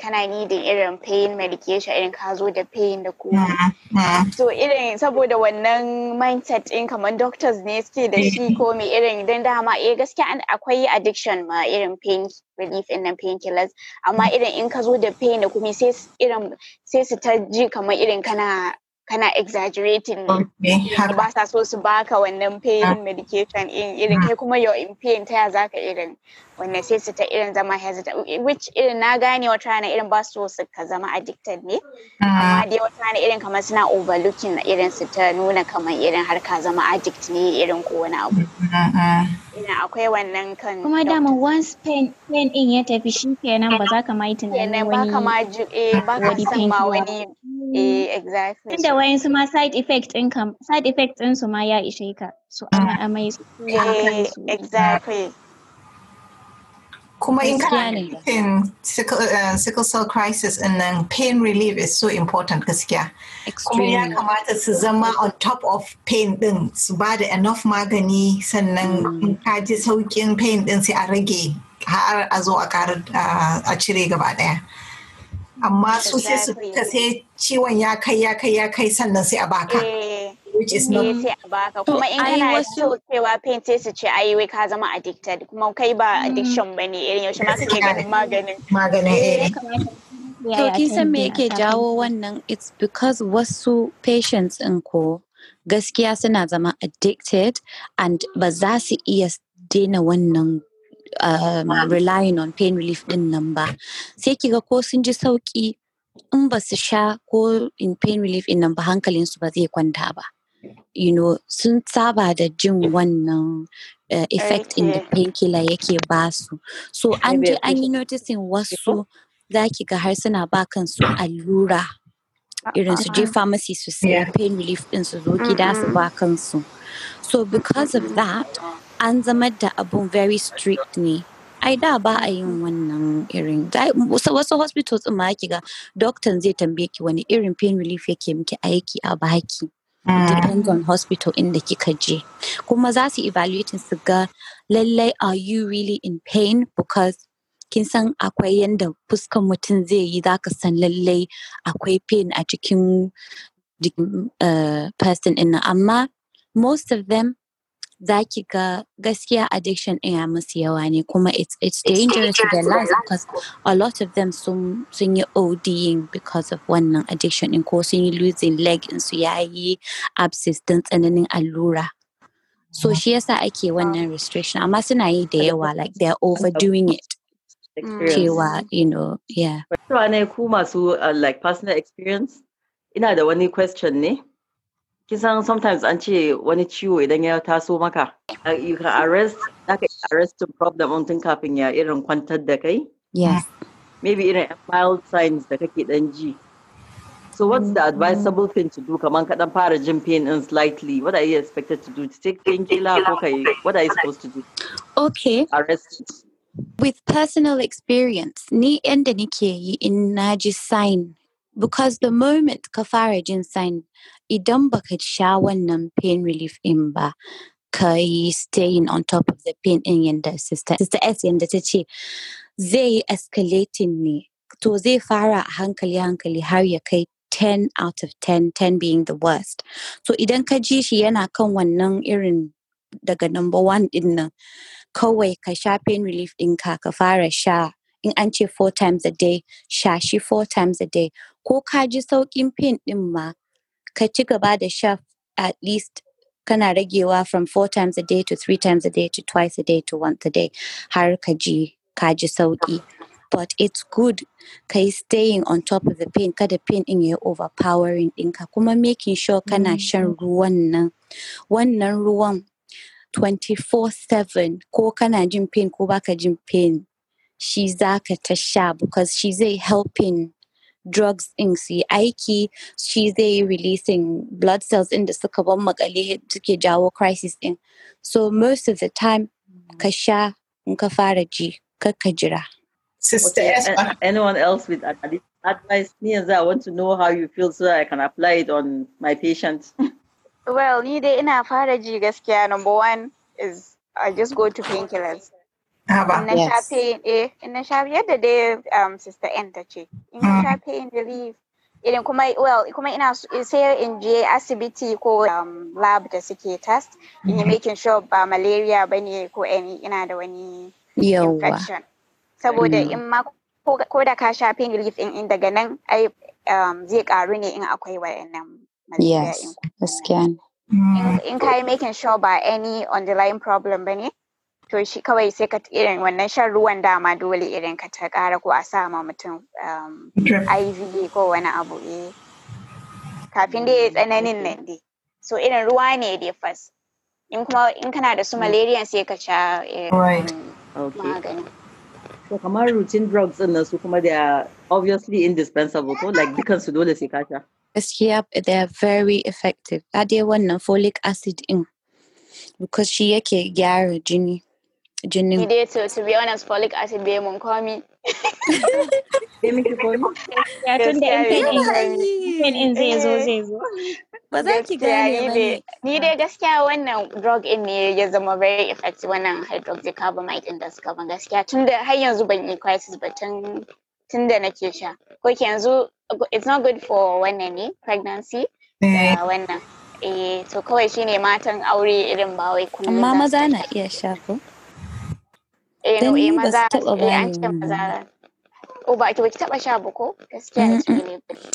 kana da irin pain medication irin ka zo da pain da kuma mm, mm, mm. so irin saboda wannan mindset din kamar doctors ne suke da shi ko mai irin dan dama eh gaskiya akwai addiction ma irin pain relief in the pain killers amma irin in ka zo da pain da kuma sai irin sai su ta ji kamar irin kana kana exaggerating ba sa so su baka wannan pain ah. medication in irin kai kuma yau in pain ta za ka irin wannan sai su ta irin zama hesitant which irin na gane wata rana irin ba su su ka zama addicted ne amma ah. dai wata rana irin kamar suna overlooking irin su ta nuna kamar irin har ka zama addict ne irin ko wani abu mm-hmm. ina akwai wannan kan kuma dama once pain pain in ya tafi shi kenan ba za ka mai yi tunanin wani ba ka ma ji eh ba ka san ma wani eh exactly tunda wayan su ma side effect din kan side effect din su ma ya ishe ka so amma amai su eh exactly Kasiya ne. Sickle, uh, sickle cell crisis and nan pain relief is so important gaskiya. Kuma ya kamata su zama on top of pain din su enough magani sannan in hmm. ka ji saukin pain din si a haar azo akar zo uh, a cire gaba daya. Amma su sai su fita sai ciwon ya kai ya kai ya kai sannan sai a baka. Eh, which is not sai a baka kuma in kana so cewa pain sai su ce ai wai ka zama addicted kuma kai ba mm. addiction bane irin yaushe ma kake ganin maganin maganin eh, to kin san me yake jawo wannan it's because wasu patients in ko gaskiya suna zama addicted and ba za su iya daina wannan um, relying on pain relief din nan ba sai kiga ko sun ji sauki in ba su sha ko in pain relief in nan ba hankalinsu ba zai kwanta ba you know sun saba da jin wannan uh, effect in the painkiller yake ba Basu, so an ji an yi noticing wasu za ki ga har suna ba kansu allura ah, irin su je ah. pharmacy su a pain relief din su zo gida su ba kansu so because of that an zama da abun very strict ne ai da ba a yin wannan irin wasu hospitals ma ki ga doctor zai tambaye ki wani irin pain relief yake miki aiki a baki Mm. on Hospital in the je. Kuma za su evaluating su ga lallai are you really in pain because kin san akwai yanda fuskan mutum zai yi za ka san akwai pain a cikin eh, person in amma most of them za ki ga gaskiya addiction ɗin ya musu yawa ne kuma it's, it's dangerous to their lives because a lot of them sun yi ODing because of wannan addiction in ko sun yi losing leg su ya yi abscess din tsananin allura. So mm. shi yasa ake wannan restriction amma suna yi da yawa like they're overdoing it. Cewa, you know, yeah. So Rane ku masu uh, like personal experience? Ina da wani question ne? kisan sometimes an ce wani ciwo idan ya taso maka uh, you can arrest za arrest to problem tun kafin ya irin kwantar da kai yes maybe irin mild signs da kake dan ji so what's the mm-hmm. advisable thing to do kaman ka dan fara jin pain in slightly what are you expected to do to take painkiller ko kai what are you supposed to do okay arrest with personal experience ni inda nake yi in naji sign because the moment ka jin sign, idan baka shower num pain relief imba kai staying on top of the pain in yanda sister, sister S yanda ta ce zai escalating ne. To zai fara hankali hankali har ya kai 10 out of 10, 10 being the worst. So idan ka ji shi yana kan wannan irin daga number one din nan, kawai ka sha pain relief ɗinka ka fara sha in an ce four times a day shashi four times a day ko ka ji sauƙin pain ɗin ma ka ci gaba da sha at least kana ragewa from four times a day to three times a day to twice a day to once a day har ka ji ka ji but it's good ka yi staying on top of the pain kada pain ɗin ya overpowering in kuma making sure kana shan mm. ruwan nan wannan ruwan 24/7 ko kana jin pain ko baka jin pain She's Zaka tasha because she's a helping drugs in si aiki she's a releasing blood cells in the suka ban makale suke crisis in so most of the time kashab sha in ka ji anyone else with advice? Me as I want to know how you feel so I can apply it on my patients. well, ni dai ina fara ji gaskiya number one is I just go to painkillers. Haba. Na shafe eh na shafe yadda dai um, sister N ta ce. In na ah. shafe in relief irin kuma well kuma ina eh, sai in je asibiti ko um, lab da suke test in yi mm-hmm. making sure ba malaria bane ko any ina da wani infection. Saboda mm. in ma ko da ka shafe pain relief in daga nan ai um, zai karu ne in akwai wayannan malaria yes gaskiya mm. in ka yi making sure ba any underlying problem bane to shi kawai sai ka irin wannan shan ruwan dama dole irin ka ta kara ko a sa ma mutum um, iv ko wani abu eh kafin dai tsananin nan dai so irin ruwa ne dai fas in kuma in kana da su malaria sai ka sha eh, um, magani so kamar routine drugs din nan su kuma they are obviously indispensable ko like dukan su dole sai ka sha gaskiya they are very effective a wannan folic acid in because shi yake gyara jini jinin. Ni dai to to be honest folic acid be mun komi. be mun ki komi? Ya tun da in in zai zo zai zo. Ba za ki gane ba Ni dai gaskiya wannan drug in ne ya zama very effective wannan hydroxycarbamide din da suka ban gaskiya tun da har yanzu ban yi crisis ba tun tun da nake sha. Ko ke yanzu it's not good for wannan ne pregnancy eh. da wannan. Eh to kawai shine matan aure irin ba wai kuma Amma maza na iya sha ko? eh eh maza eh an ce maza ko oh, ba ki taba sha ba ko gaskiya ne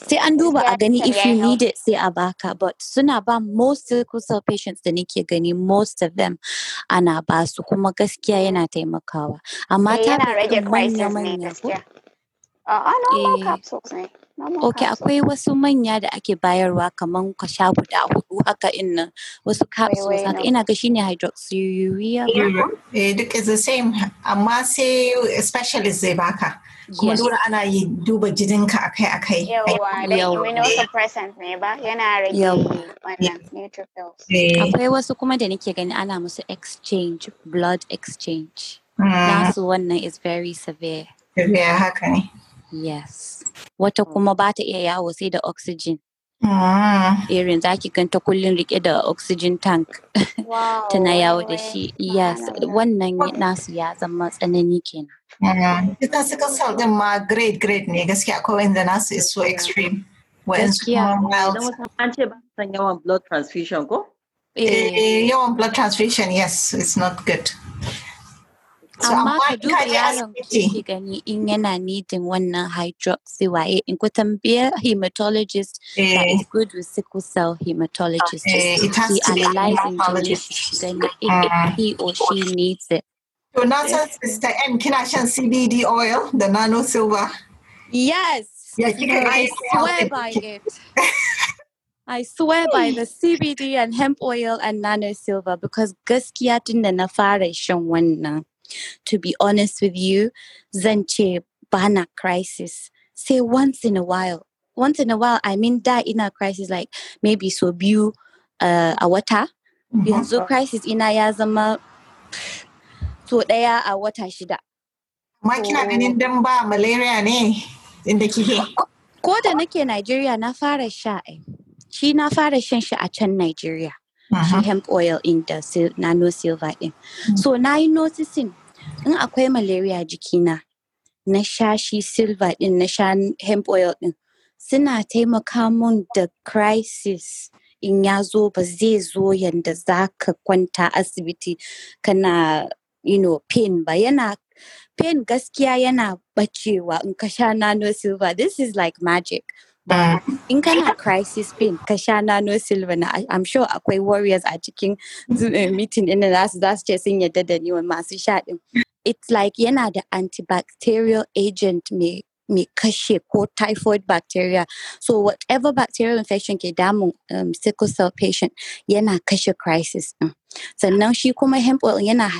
sai an duba a gani if you need it sai a baka but suna ba most sickle patients da nake gani most of them ana ba su kuma gaskiya yana taimakawa amma ta eh, yana rage crisis ne gaskiya a ah, ah, no eh. capsules ne Ok, akwai wasu manya da ake bayarwa kamar ka sha guda hudu haka ina wasu capsules haka ina ga shine hydroxyurea. Eh duk is the same amma sai specialist zai baka. Kuma dole ana yi duba jidinka akai-akai. Yawa, wani wasu present ne ba yana rage wannan neutrophils. Eh. Akwai wasu kuma da nake gani ana musu exchange, blood exchange. Mm. Nasu wannan is very severe. Severe haka ne. yes wata kuma ba ta iya yawo sai da oxygen ah. irin za ki ganta kullum rike da oxygen tank tana yawo da shi yes wannan nasu ya zama tsanani kenan ah. ita suka sal din ma great great ne gaskiya akwai wanda nasu is so extreme wa'insu kuma an ce ba san yawan blood transfusion ko eh. Eh, yawan blood transfusion yes it's not good amma ka duba yaron ki gani in yana needing wannan hydroxy waye in ku tambaye hematologist eh. that is good with sickle cell hematologist okay. Eh, he to analyzing ah. he or she needs it so now yes. sister M kina shan CBD oil the nano silver yes yeah, I swear by it. I swear by the CBD and hemp oil and nano silver because gaskiya tun da na to be honest with you, zanche bana crisis. Say once in a while. Once in a while, I mean that in a crisis, like maybe so bu uh, a wata. So mm-hmm. crisis ina ya zama so ɗaya a water shida. Amma kina ganin dan malaria ne inda kike? Ko da nake Nigeria na fara sha shi na fara shan shi a can shi hemp oil in da nano silver din hmm. so na yi noticing in akwai malaria jikina na sha shi silver din na sha hemp oil din suna taimaka mun da crisis in ya zo ba zai zo yadda za ka kwanta asibiti kana you know pain ba yana pain gaskiya yana bacewa in ka sha nano silver this is like magic Ah, in kana crisis pain ka sha nano silver na i'm sure akwai warriors a cikin eh, meeting din da su za ce sun yadda da ni masu sha din it's like yana da antibacterial agent mai me kashe ko typhoid bacteria so whatever bacterial infection ke damun um, sickle cell patient yana kashe crisis din sannan shi kuma hemp oil yana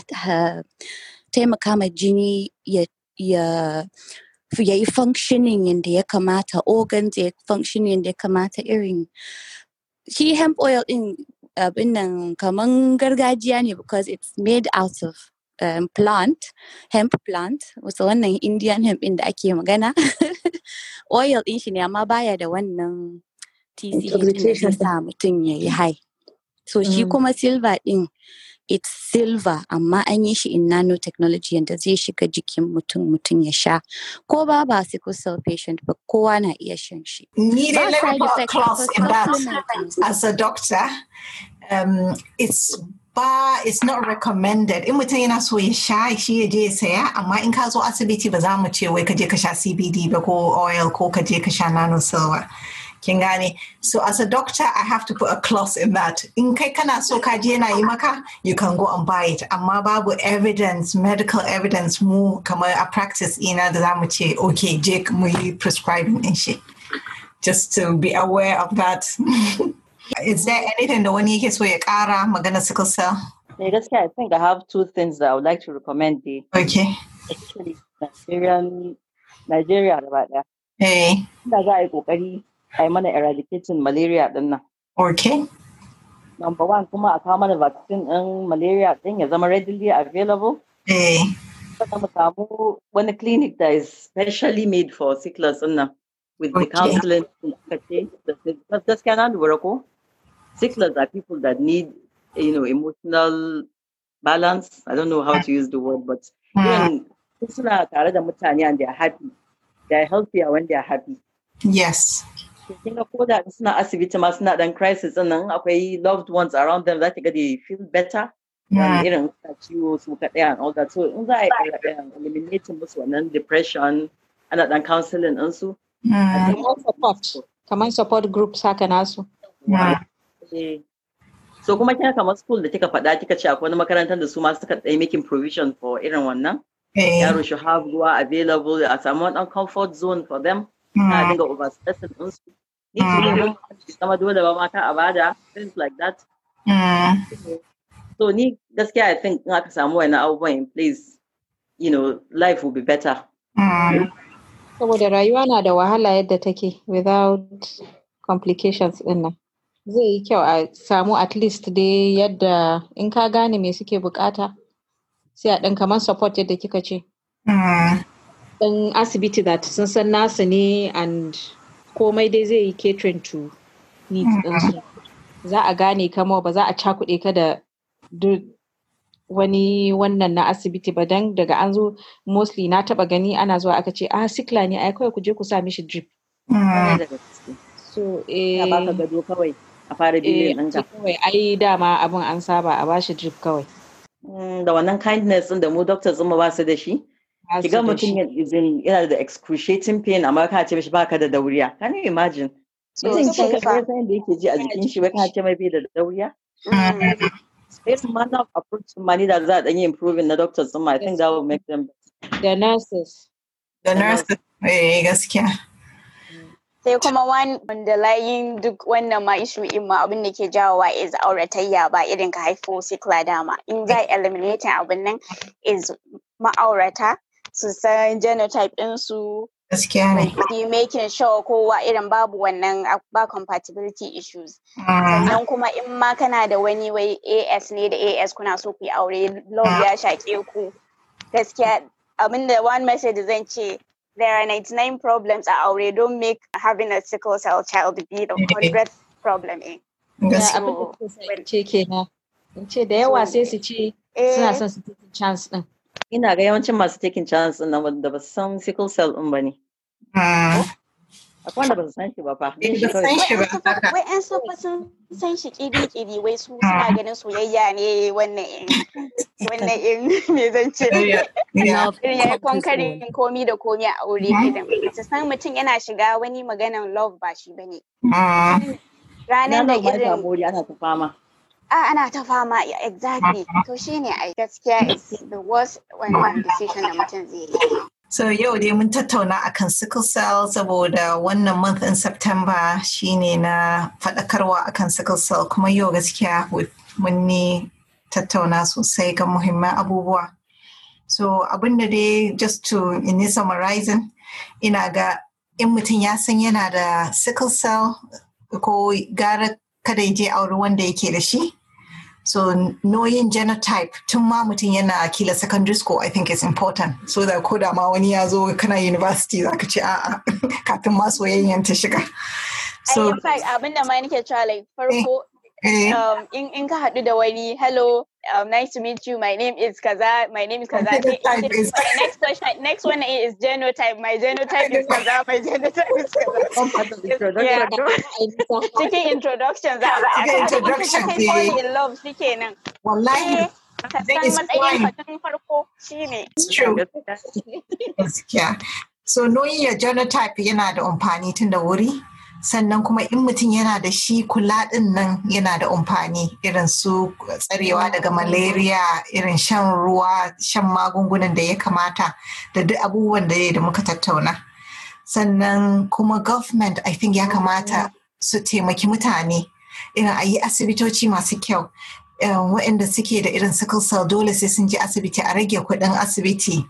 taimaka ma jini ya För jag är functioning det jag kamata, organ det functioning det jag kamata ring. She hemp oil in abin nan kaman gargajiya ne because it's made out of um, plant, hemp plant, wasu wannan Indian hemp in da ake magana. Oil In shi ne amma baya da wannan TCH da sa mutum ya high. So shi mm. kuma silver ɗin it's silver amma an yi shi in nanotechnology yadda zai shiga jikin mutum mutum ya sha ko ba ba sickle cell patient ba kowa na iya shan shi. Ni dai class in that as a doctor um, it's ba it's not recommended in mutum yana so ya sha shi ya je saya amma in ka zo asibiti ba za mu ce wai ka je ka sha CBD ba ko oil ko ka je ka sha nano silver so as a doctor i have to put a clause in that in kana so na you can go and buy it amma evidence medical evidence mu kamar a practice ina da okay Jake, mu prescribing and shit. just to be aware of that is there anything da wani yake so ya kara magana sickle cell Basically, eh, I think I have two things that I would like to recommend. The okay. Actually, Nigerian Nigeria about that. Hey ai mana eradicating malaria din na Okay. Number one kuma a kawo vaccine ɗin malaria ɗin ya zama readily available. Eh. Sannan mu samu wani clinic that is specially made for sicklers ɗin nan. With okay. the counseling gaskiya na lura ko oh? sicklers are people that need you know emotional balance. I don't know how to use the word but mm. suna tare da mutane and they are happy. They are healthier when they are happy. Yes. kina ga ko da suna asibiti ma suna dan crisis din nan akwai loved ones around them za ki ga they feel better irin ciwo su ka daya all that so in za a yi eliminating musu wannan depression ana dan counseling din su kamar support group saka nasu eh. so kuma kina kamar school da kika faɗa kika ce akwai wani makarantar da su ma suka dai making provision for irin wannan eh. yaro should have ruwa available a samu wani comfort zone for them na dinga overstressing din su things like that hmm. so ni why i think in aka samu wani abubuwan in you know life will be better hmm. saboda rayuwa na da wahala yadda eh, take without complications in zai yi kyau a ah, samu at least dai yadda in ka gane me suke bukata sai a ɗan kamar support yadda kika ce ɗan asibiti that sun san nasa ne and komai dai zai yi catering to needs mm. ɗansu za a gane kama ba za a cakuɗe ka da wani wannan na asibiti ba don daga an zo mostly na taba gani ana zuwa aka ce ah sikla ne ai kawai ku je ku sa mishi drip mm. so eh ka gado kawai a fara eh, ai dama abin an saba a bashi drip kawai mm, da wannan kindness din da mu doctors zuma ba su da shi ki ga mutum yana da excruciating pain amma kana ce mishi baka da dauriya can you imagine mutum ce ka san da yake ji a jikin shi ba kana ce mai bai da dauriya mm. irin manner of approach mani da za dan yi improving na doctors So, I think that will make them the nurses the nurses eh gaskiya mm. sai kuma wanda layin duk wannan ma ishu in ma abin da ke jawowa is auratayya ba irin ka haifo sikla dama in za eliminating abin nan is ma'aurata su san genotype ɗinsu gaskiya ne be making sure kowa irin babu wannan ba compatibility issues ah. sannan kuma in ma kana da wani wai as ne da as kuna so ku yi aure love ya shaƙe ku gaskiya abinda one message zan ce there are 99 problems a aure don't make having a sickle cell child be the hundredth problem eh ce na. in ce da yawa sai su ce suna eh. son su take chance din Ina ga yawancin masu taking chance na wanda ba san sickle cell din ba ne. Ah. Akwai wanda ba su san shi ba fa. Wai an so ba sun san shi kiri-kiri wai su suna ah. ganin soyayya ne wannan in wannan in me zan ce. Ya kwankarin komi da komi a aure gidan. Su san mutum yana shiga wani maganan love ba shi ba ne. Ah. Ranar da irin. Ranar ta fama. A'a ah, ana ta fama exactly to shi ne a gaskiya is the worst one one decision da mutum zai yi So yau dai mun tattauna akan sickle cell saboda wannan month in September shine na faɗakarwa akan sickle cell kuma yau gaskiya mun ne tattauna sosai ga muhimman abubuwa. So abinda dai just to in summarizing ina ga in mutum ya san yana da sickle cell ko gara kada ya je auri wanda yake da shi so knowing genotype tun ma mutum yana kila secondary school i think is important so da ko da ma wani ya zo kana university zaka ce a'a kafin ma soyayyen ta shiga so in fact abin da ma nake cewa like eh, farko eh. Um, in ka haɗu da wani hello um, nice to meet you. My name is Kaza. My name is Kaza. next question, next one is genotype. My genotype is Kaza. My genotype is Kaza. Oh, yeah. Seeking introductions. Seeking introductions. in love. Seeking. Wallahi. It's true. It's, yeah. So knowing your genotype, you're not on tun da wuri. sannan kuma in mutum yana da shi kula din nan yana da amfani irin su tsarewa daga malaria irin shan ruwa shan magungunan da ya kamata da duk abubuwan da da muka tattauna sannan kuma government i think ya kamata su taimaki mutane irin a yi asibitoci masu kyau Eh, waɗanda suke da irin sickle cell dole sai sun je asibiti a rage kuɗin asibiti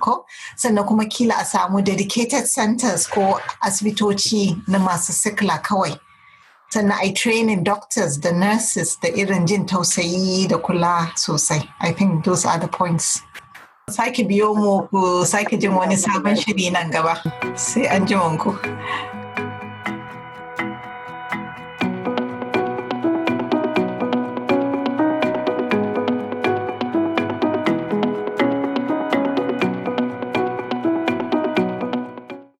ko sannan kuma kila a samu dedicated centers ko asibitoci na masu sikla kawai sannan ai training doctors da nurses da irin jin tausayi da kula sosai i think those are the points sake biyo mu ku sake jin wani sabon shiri nan gaba sai an ji ku.